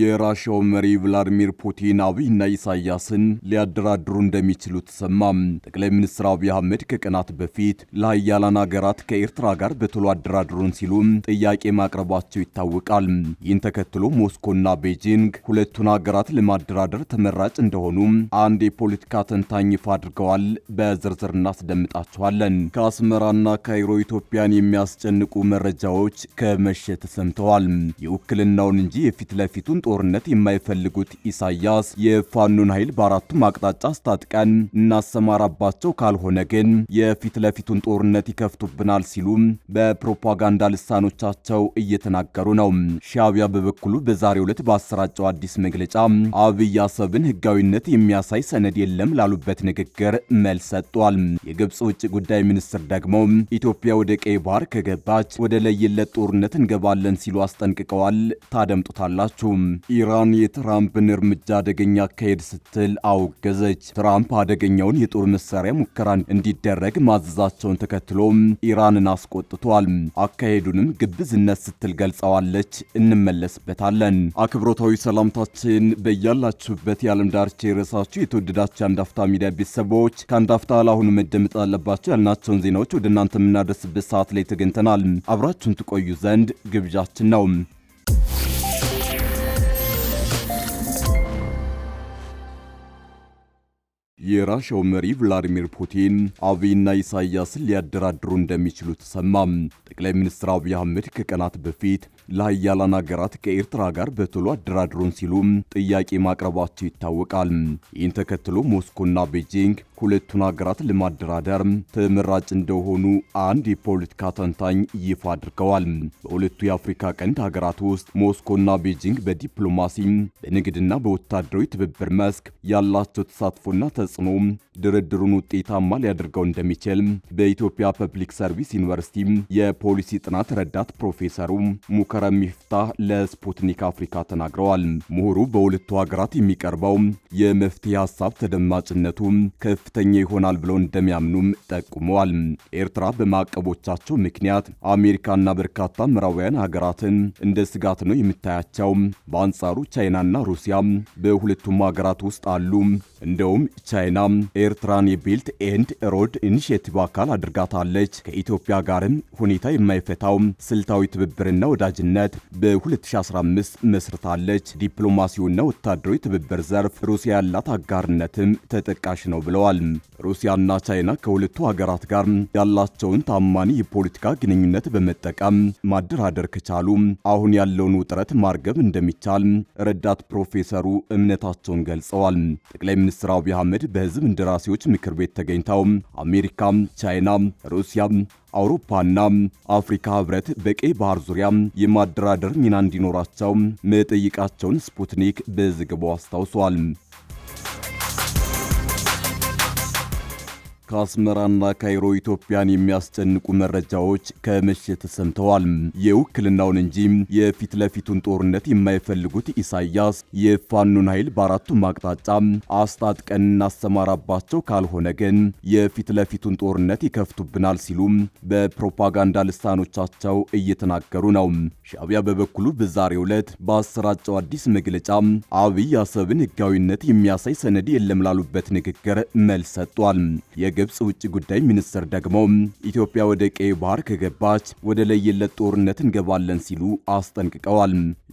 የራሽያው መሪ ቭላዲሚር ፑቲን አብይና ኢሳያስን ሊያደራድሩ እንደሚችሉ ተሰማ። ጠቅላይ ሚኒስትር አብይ አህመድ ከቀናት በፊት ለሀያላን ሀገራት ከኤርትራ ጋር በቶሎ አደራድሩን ሲሉ ጥያቄ ማቅረባቸው ይታወቃል። ይህን ተከትሎ ሞስኮና ቤጂንግ ሁለቱን ሀገራት ለማደራደር ተመራጭ እንደሆኑ አንድ የፖለቲካ ተንታኝ ይፋ አድርገዋል። በዝርዝር እናስደምጣቸዋለን። ከአስመራና ካይሮ ኢትዮጵያን የሚያስጨንቁ መረጃዎች ከመሸ ተሰምተዋል። የውክልናውን እንጂ የፊት ለፊቱን ጦርነት የማይፈልጉት ኢሳያስ የፋኖን ኃይል በአራቱም አቅጣጫ አስታጥቀን እናሰማራባቸው፣ ካልሆነ ግን የፊት ለፊቱን ጦርነት ይከፍቱብናል ሲሉም በፕሮፓጋንዳ ልሳኖቻቸው እየተናገሩ ነው። ሻቢያ በበኩሉ በዛሬው ዕለት ባሰራጨው አዲስ መግለጫ አብይ አሰብን ህጋዊነት የሚያሳይ ሰነድ የለም ላሉበት ንግግር መልስ ሰጥቷል። የግብፅ ውጭ ጉዳይ ሚኒስትር ደግሞ ኢትዮጵያ ወደ ቀይ ባህር ከገባች ወደ ለየለት ጦርነት እንገባለን ሲሉ አስጠንቅቀዋል። ታደምጡታላችሁ። ኢራን የትራምፕን እርምጃ አደገኛ አካሄድ ስትል አውገዘች ትራምፕ አደገኛውን የጦር መሳሪያ ሙከራ እንዲደረግ ማዘዛቸውን ተከትሎ ኢራንን አስቆጥቷል። አካሄዱንም ግብዝነት ስትል ገልጸዋለች። እንመለስበታለን። አክብሮታዊ ሰላምታችን በያላችሁበት የዓለም ዳርቻ የረሳችሁ የተወደዳችሁ የአንዳፍታ ሚዲያ ቤተሰቦች ከአንዳፍታ ለአሁኑ መደመጥ አለባቸው ያልናቸውን ዜናዎች ወደ እናንተ የምናደርስበት ሰዓት ላይ ተገኝተናል። አብራችሁን ትቆዩ ዘንድ ግብዣችን ነው። የራሻው መሪ ቭላዲሚር ፑቲን አብይና ኢሳያስን ሊያደራድሩ እንደሚችሉ ተሰማ። ጠቅላይ ሚኒስትር አብይ አህመድ ከቀናት በፊት ለሀያላን ሀገራት ከኤርትራ ጋር በቶሎ አደራድሩን ሲሉ ጥያቄ ማቅረባቸው ይታወቃል። ይህን ተከትሎ ሞስኮና ቤጂንግ ሁለቱን ሀገራት ለማደራደር ተመራጭ እንደሆኑ አንድ የፖለቲካ ተንታኝ ይፋ አድርገዋል። በሁለቱ የአፍሪካ ቀንድ ሀገራት ውስጥ ሞስኮና ቤጂንግ በዲፕሎማሲ በንግድና በወታደራዊ ትብብር መስክ ያላቸው ተሳትፎና ተጽዕኖ ድርድሩን ውጤታማ ሊያደርገው እንደሚችል በኢትዮጵያ ፐብሊክ ሰርቪስ ዩኒቨርሲቲ የፖሊሲ ጥናት ረዳት ፕሮፌሰሩ ሙከረም ሚፍታህ ለስፑትኒክ አፍሪካ ተናግረዋል። ምሁሩ በሁለቱ ሀገራት የሚቀርበው የመፍትሄ ሀሳብ ተደማጭነቱ ከፍ ከፍተኛ ይሆናል ብለው እንደሚያምኑም ጠቁመዋል። ኤርትራ በማዕቀቦቻቸው ምክንያት አሜሪካና በርካታ ምዕራባውያን ሀገራትን እንደ ስጋት ነው የምታያቸው። በአንጻሩ ቻይናና ሩሲያ በሁለቱም ሀገራት ውስጥ አሉ። እንደውም ቻይና ኤርትራን የቤልት ኤንድ ሮድ ኢኒሽቲቭ አካል አድርጋታለች። ከኢትዮጵያ ጋርም ሁኔታ የማይፈታው ስልታዊ ትብብርና ወዳጅነት በ2015 መስርታለች። ዲፕሎማሲውና ወታደራዊ ትብብር ዘርፍ ሩሲያ ያላት አጋርነትም ተጠቃሽ ነው ብለዋል። ሩሲያና ቻይና ከሁለቱ ሀገራት ጋር ያላቸውን ታማኒ የፖለቲካ ግንኙነት በመጠቀም ማደራደር ከቻሉ አሁን ያለውን ውጥረት ማርገብ እንደሚቻል ረዳት ፕሮፌሰሩ እምነታቸውን ገልጸዋል። ጠቅላይ ሚኒስትር አብይ አህመድ በህዝብ እንደራሴዎች ምክር ቤት ተገኝተው አሜሪካ፣ ቻይና፣ ሩሲያ አውሮፓና አፍሪካ ህብረት በቀይ ባህር ዙሪያ የማደራደር ሚና እንዲኖራቸው መጠይቃቸውን ስፑትኒክ በዘገባው አስታውሷል። ከአስመራና ካይሮ ኢትዮጵያን የሚያስጨንቁ መረጃዎች ከመሸ ተሰምተዋል። የውክልናውን እንጂ የፊት ለፊቱን ጦርነት የማይፈልጉት ኢሳያስ የፋኑን ኃይል በአራቱም አቅጣጫ አስታጥቀን እናሰማራባቸው፣ ካልሆነ ግን የፊት ለፊቱን ጦርነት ይከፍቱብናል ሲሉ በፕሮፓጋንዳ ልሳኖቻቸው እየተናገሩ ነው። ሻቢያ በበኩሉ በዛሬው ዕለት በአሰራጨው አዲስ መግለጫ አብይ አሰብን ህጋዊነት የሚያሳይ ሰነድ የለም ላሉበት ንግግር መልስ ሰጥቷል። የግብፅ ውጭ ጉዳይ ሚኒስትር ደግሞ ኢትዮጵያ ወደ ቀይ ባህር ከገባች ወደ ለየለት ጦርነት እንገባለን ሲሉ አስጠንቅቀዋል።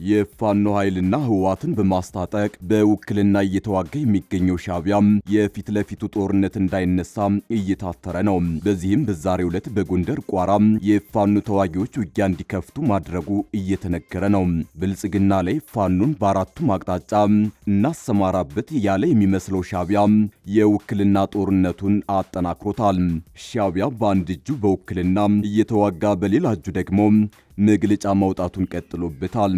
የፋኖ ኃይልና ህዋትን በማስታጠቅ በውክልና እየተዋጋ የሚገኘው ሻቢያ የፊት ለፊቱ ጦርነት እንዳይነሳ እየታተረ ነው። በዚህም በዛሬው ዕለት በጎንደር ቋራ የፋኖ ተዋጊዎች ውጊያ እንዲከፍቱ ማድረጉ እየተነገረ ነው። ብልጽግና ላይ ፋኖን በአራቱም አቅጣጫ እናሰማራበት ያለ የሚመስለው ሻቢያ የውክልና ጦርነቱን አ አጠናክሮታል። ሻቢያ በአንድ እጁ በውክልና እየተዋጋ በሌላ እጁ ደግሞ መግለጫ ማውጣቱን ቀጥሎበታል።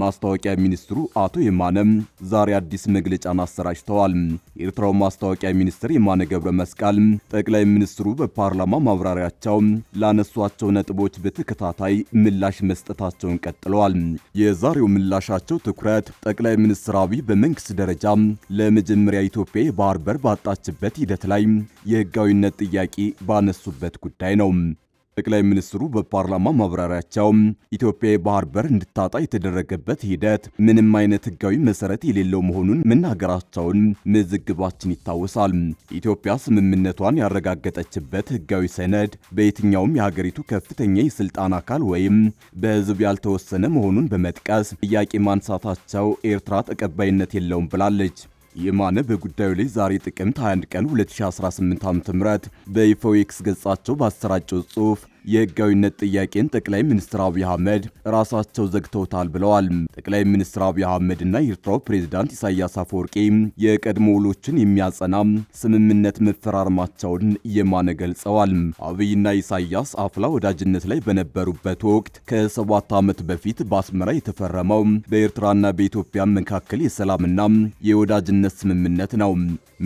ማስታወቂያ ሚኒስትሩ አቶ የማነም ዛሬ አዲስ መግለጫን አሰራጭተዋል። የኤርትራው ማስታወቂያ ሚኒስትር የማነ ገብረ መስቀል ጠቅላይ ሚኒስትሩ በፓርላማ ማብራሪያቸው ላነሷቸው ነጥቦች በተከታታይ ምላሽ መስጠታቸውን ቀጥለዋል። የዛሬው ምላሻቸው ትኩረት ጠቅላይ ሚኒስትር አብይ በመንግስት ደረጃ ለመጀመሪያ ኢትዮጵያ የባህር በር ባጣችበት ሂደት ላይ የህጋዊነት ጥያቄ ባነሱበት ጉዳይ ነው። ጠቅላይ ሚኒስትሩ በፓርላማ ማብራሪያቸው ኢትዮጵያ የባህር በር እንድታጣ የተደረገበት ሂደት ምንም አይነት ህጋዊ መሰረት የሌለው መሆኑን መናገራቸውን መዘግባችን ይታወሳል። ኢትዮጵያ ስምምነቷን ያረጋገጠችበት ህጋዊ ሰነድ በየትኛውም የሀገሪቱ ከፍተኛ የስልጣን አካል ወይም በህዝብ ያልተወሰነ መሆኑን በመጥቀስ ጥያቄ ማንሳታቸው ኤርትራ ተቀባይነት የለውም ብላለች። የማነ በጉዳዩ ላይ ዛሬ ጥቅምት 21 ቀን 2018 ዓ.ም በይፋዊ ኤክስ ገጻቸው ባሰራጨው ጽሑፍ የህጋዊነት ጥያቄን ጠቅላይ ሚኒስትር አብይ አህመድ ራሳቸው ዘግተውታል ብለዋል። ጠቅላይ ሚኒስትር አብይ አህመድ እና የኤርትራው ፕሬዚዳንት ኢሳያስ አፈወርቂ የቀድሞ ውሎችን የሚያጸና ስምምነት መፈራረማቸውን የማነ ገልጸዋል። አብይና ኢሳያስ አፍላ ወዳጅነት ላይ በነበሩበት ወቅት ከሰባት ዓመት በፊት በአስመራ የተፈረመው በኤርትራና በኢትዮጵያ መካከል የሰላምና የወዳጅነት ስምምነት ነው።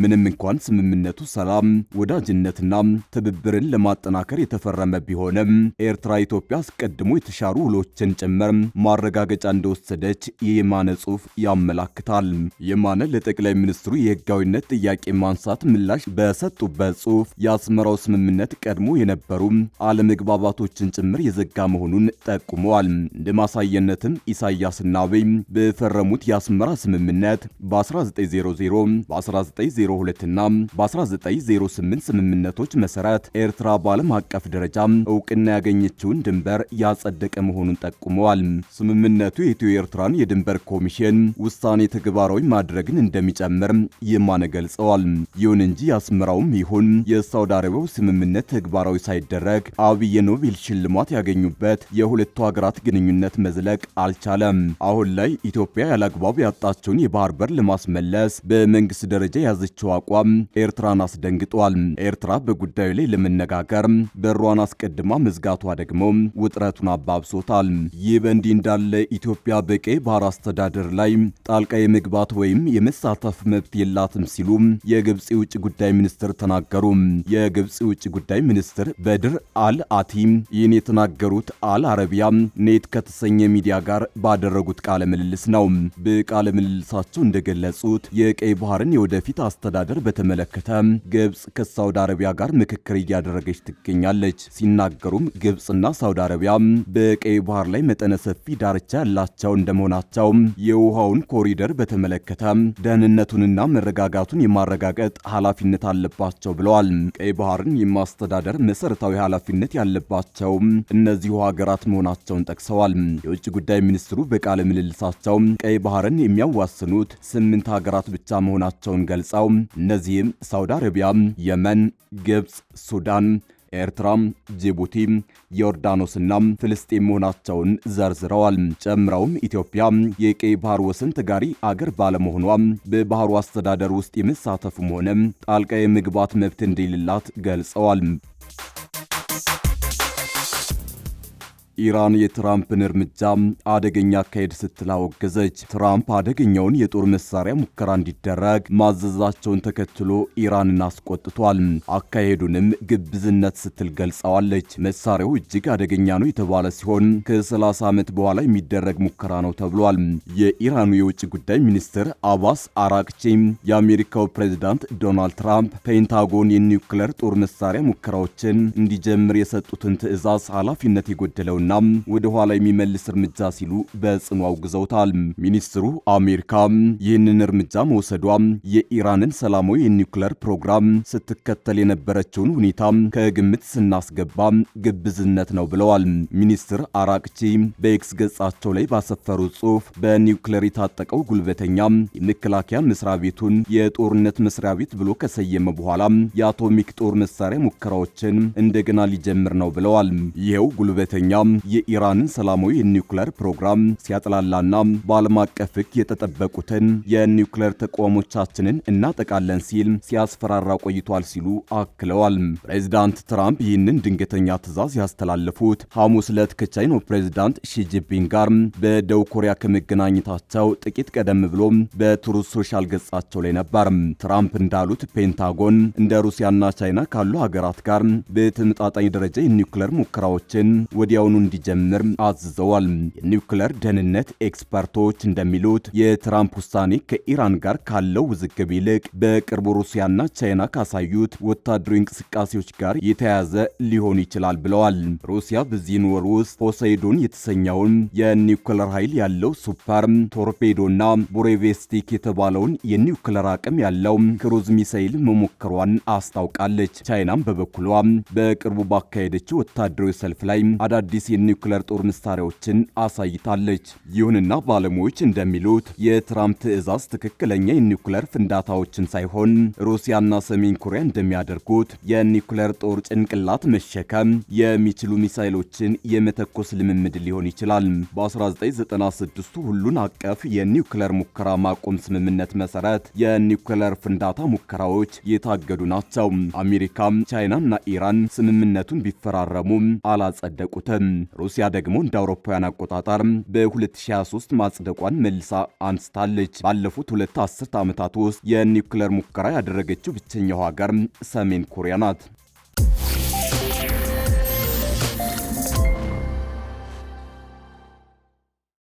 ምንም እንኳን ስምምነቱ ሰላም፣ ወዳጅነትና ትብብርን ለማጠናከር የተፈረመ ቢሆን ስለሆነ ኤርትራ ኢትዮጵያ አስቀድሞ የተሻሩ ውሎችን ጭምር ማረጋገጫ እንደወሰደች የየማነ ጽሑፍ ያመላክታል። የማነ ለጠቅላይ ሚኒስትሩ የህጋዊነት ጥያቄ ማንሳት ምላሽ በሰጡበት ጽሑፍ የአስመራው ስምምነት ቀድሞ የነበሩ አለመግባባቶችን ጭምር የዘጋ መሆኑን ጠቁመዋል። እንደ ማሳየነትም ኢሳያስና አብይ በፈረሙት የአስመራ ስምምነት በ1900 በ1902ና በ1908 ስምምነቶች መሰረት ኤርትራ በዓለም አቀፍ ደረጃ እውቅና ያገኘችውን ድንበር ያጸደቀ መሆኑን ጠቁመዋል። ስምምነቱ የኢትዮ ኤርትራን የድንበር ኮሚሽን ውሳኔ ተግባራዊ ማድረግን እንደሚጨምር የማነ ገልጸዋል። ይሁን እንጂ የአስመራውም ይሁን የሳውዲ አረቢያው ስምምነት ተግባራዊ ሳይደረግ አብይ የኖቤል ሽልማት ያገኙበት የሁለቱ ሀገራት ግንኙነት መዝለቅ አልቻለም። አሁን ላይ ኢትዮጵያ ያላግባብ ያጣቸውን የባህር በር ለማስመለስ በመንግስት ደረጃ የያዘችው አቋም ኤርትራን አስደንግጧል። ኤርትራ በጉዳዩ ላይ ለመነጋገር በሯን አስቀድ አድማ መዝጋቷ ደግሞ ውጥረቱን አባብሶታል። ይህ በእንዲህ እንዳለ ኢትዮጵያ በቀይ ባህር አስተዳደር ላይ ጣልቃ የመግባት ወይም የመሳተፍ መብት የላትም ሲሉ የግብፅ የውጭ ጉዳይ ሚኒስትር ተናገሩ። የግብፅ የውጭ ጉዳይ ሚኒስትር በድር አል አቲ ይህን የተናገሩት አል አረቢያ ኔት ከተሰኘ ሚዲያ ጋር ባደረጉት ቃለ ምልልስ ነው። በቃለ ምልልሳቸው እንደገለጹት የቀይ ባህርን የወደፊት አስተዳደር በተመለከተ ግብፅ ከሳውዲ አረቢያ ጋር ምክክር እያደረገች ትገኛለች ሲናገ ቢሻገሩም ግብፅና ሳውዲ አረቢያ በቀይ ባህር ላይ መጠነ ሰፊ ዳርቻ ያላቸው እንደመሆናቸው የውሃውን ኮሪደር በተመለከተ ደህንነቱንና መረጋጋቱን የማረጋገጥ ኃላፊነት አለባቸው ብለዋል። ቀይ ባህርን የማስተዳደር መሰረታዊ ኃላፊነት ያለባቸው እነዚሁ ሀገራት መሆናቸውን ጠቅሰዋል። የውጭ ጉዳይ ሚኒስትሩ በቃለ ምልልሳቸው ቀይ ባህርን የሚያዋስኑት ስምንት ሀገራት ብቻ መሆናቸውን ገልጸው እነዚህም ሳውዲ አረቢያ፣ የመን፣ ግብፅ፣ ሱዳን ኤርትራ፣ ጅቡቲ፣ ዮርዳኖስና ፍልስጤም መሆናቸውን ዘርዝረዋል። ጨምረውም ኢትዮጵያ የቀይ ባህር ወሰን ተጋሪ አገር ባለመሆኗ በባህሩ አስተዳደር ውስጥ የመሳተፉም ሆነ ጣልቃ የመግባት መብት እንደሌላት ገልጸዋል። ኢራን የትራምፕን እርምጃ አደገኛ አካሄድ ስትል አወገዘች። ትራምፕ አደገኛውን የጦር መሳሪያ ሙከራ እንዲደረግ ማዘዛቸውን ተከትሎ ኢራንን አስቆጥቷል። አካሄዱንም ግብዝነት ስትል ገልጸዋለች። መሳሪያው እጅግ አደገኛ ነው የተባለ ሲሆን ከ30 ዓመት በኋላ የሚደረግ ሙከራ ነው ተብሏል። የኢራኑ የውጭ ጉዳይ ሚኒስትር አባስ አራቅቺ፣ የአሜሪካው ፕሬዚዳንት ዶናልድ ትራምፕ ፔንታጎን የኒውክለር ጦር መሳሪያ ሙከራዎችን እንዲጀምር የሰጡትን ትዕዛዝ ኃላፊነት የጎደለው ያለውና ወደ ኋላ የሚመልስ እርምጃ ሲሉ በጽኑ አውግዘውታል። ሚኒስትሩ አሜሪካ ይህንን እርምጃ መውሰዷ የኢራንን ሰላማዊ የኒውክለር ፕሮግራም ስትከተል የነበረችውን ሁኔታ ከግምት ስናስገባ ግብዝነት ነው ብለዋል። ሚኒስትር አራቅቺ በኤክስ ገጻቸው ላይ ባሰፈሩ ጽሑፍ በኒውክለር የታጠቀው ጉልበተኛ የመከላከያ መስሪያ ቤቱን የጦርነት መስሪያ ቤት ብሎ ከሰየመ በኋላ የአቶሚክ ጦር መሳሪያ ሙከራዎችን እንደገና ሊጀምር ነው ብለዋል። ይኸው ጉልበተኛ የኢራንን ሰላማዊ የኒውክሌር ፕሮግራም ሲያጥላላና በዓለም አቀፍ ሕግ የተጠበቁትን የኒውክሌር ተቋሞቻችንን እናጠቃለን ሲል ሲያስፈራራ ቆይቷል ሲሉ አክለዋል። ፕሬዚዳንት ትራምፕ ይህንን ድንገተኛ ትዕዛዝ ያስተላለፉት ሐሙስ ዕለት ከቻይናው ፕሬዚዳንት ሺጂፒንግ ጋር በደቡብ ኮሪያ ከመገናኘታቸው ጥቂት ቀደም ብሎ በትሩዝ ሶሻል ገጻቸው ላይ ነበር። ትራምፕ እንዳሉት ፔንታጎን እንደ ሩሲያና ቻይና ካሉ ሀገራት ጋር በተመጣጣኝ ደረጃ የኒውክሌር ሙከራዎችን ወዲያውኑ እንዲጀምር አዝዘዋል። የኒውክለር ደህንነት ኤክስፐርቶች እንደሚሉት የትራምፕ ውሳኔ ከኢራን ጋር ካለው ውዝግብ ይልቅ በቅርቡ ሩሲያና ቻይና ካሳዩት ወታደራዊ እንቅስቃሴዎች ጋር የተያያዘ ሊሆን ይችላል ብለዋል። ሩሲያ በዚህን ወር ውስጥ ፖሰይዶን የተሰኘውን የኒውክለር ኃይል ያለው ሱፐር ቶርፔዶና ቦሬቬስቲክ የተባለውን የኒውክለር አቅም ያለው ክሩዝ ሚሳይል መሞከሯን አስታውቃለች። ቻይናም በበኩሏ በቅርቡ ባካሄደችው ወታደራዊ ሰልፍ ላይ አዳዲስ የኒውክለር ጦር መሳሪያዎችን አሳይታለች። ይሁንና ባለሙያዎች እንደሚሉት የትራምፕ ትዕዛዝ ትክክለኛ የኒውክለር ፍንዳታዎችን ሳይሆን ሩሲያና ሰሜን ኮሪያ እንደሚያደርጉት የኒውክለር ጦር ጭንቅላት መሸከም የሚችሉ ሚሳይሎችን የመተኮስ ልምምድ ሊሆን ይችላል። በ1996 ሁሉን አቀፍ የኒውክለር ሙከራ ማቆም ስምምነት መሰረት የኒውክለር ፍንዳታ ሙከራዎች የታገዱ ናቸው። አሜሪካም ቻይናና ኢራን ስምምነቱን ቢፈራረሙም አላጸደቁትም። ሩሲያ ደግሞ እንደ አውሮፓውያን አቆጣጠር በ2023 ማጽደቋን መልሳ አንስታለች። ባለፉት ሁለት አስርት ዓመታት ውስጥ የኒውክለር ሙከራ ያደረገችው ብቸኛው ሀገር ሰሜን ኮሪያ ናት።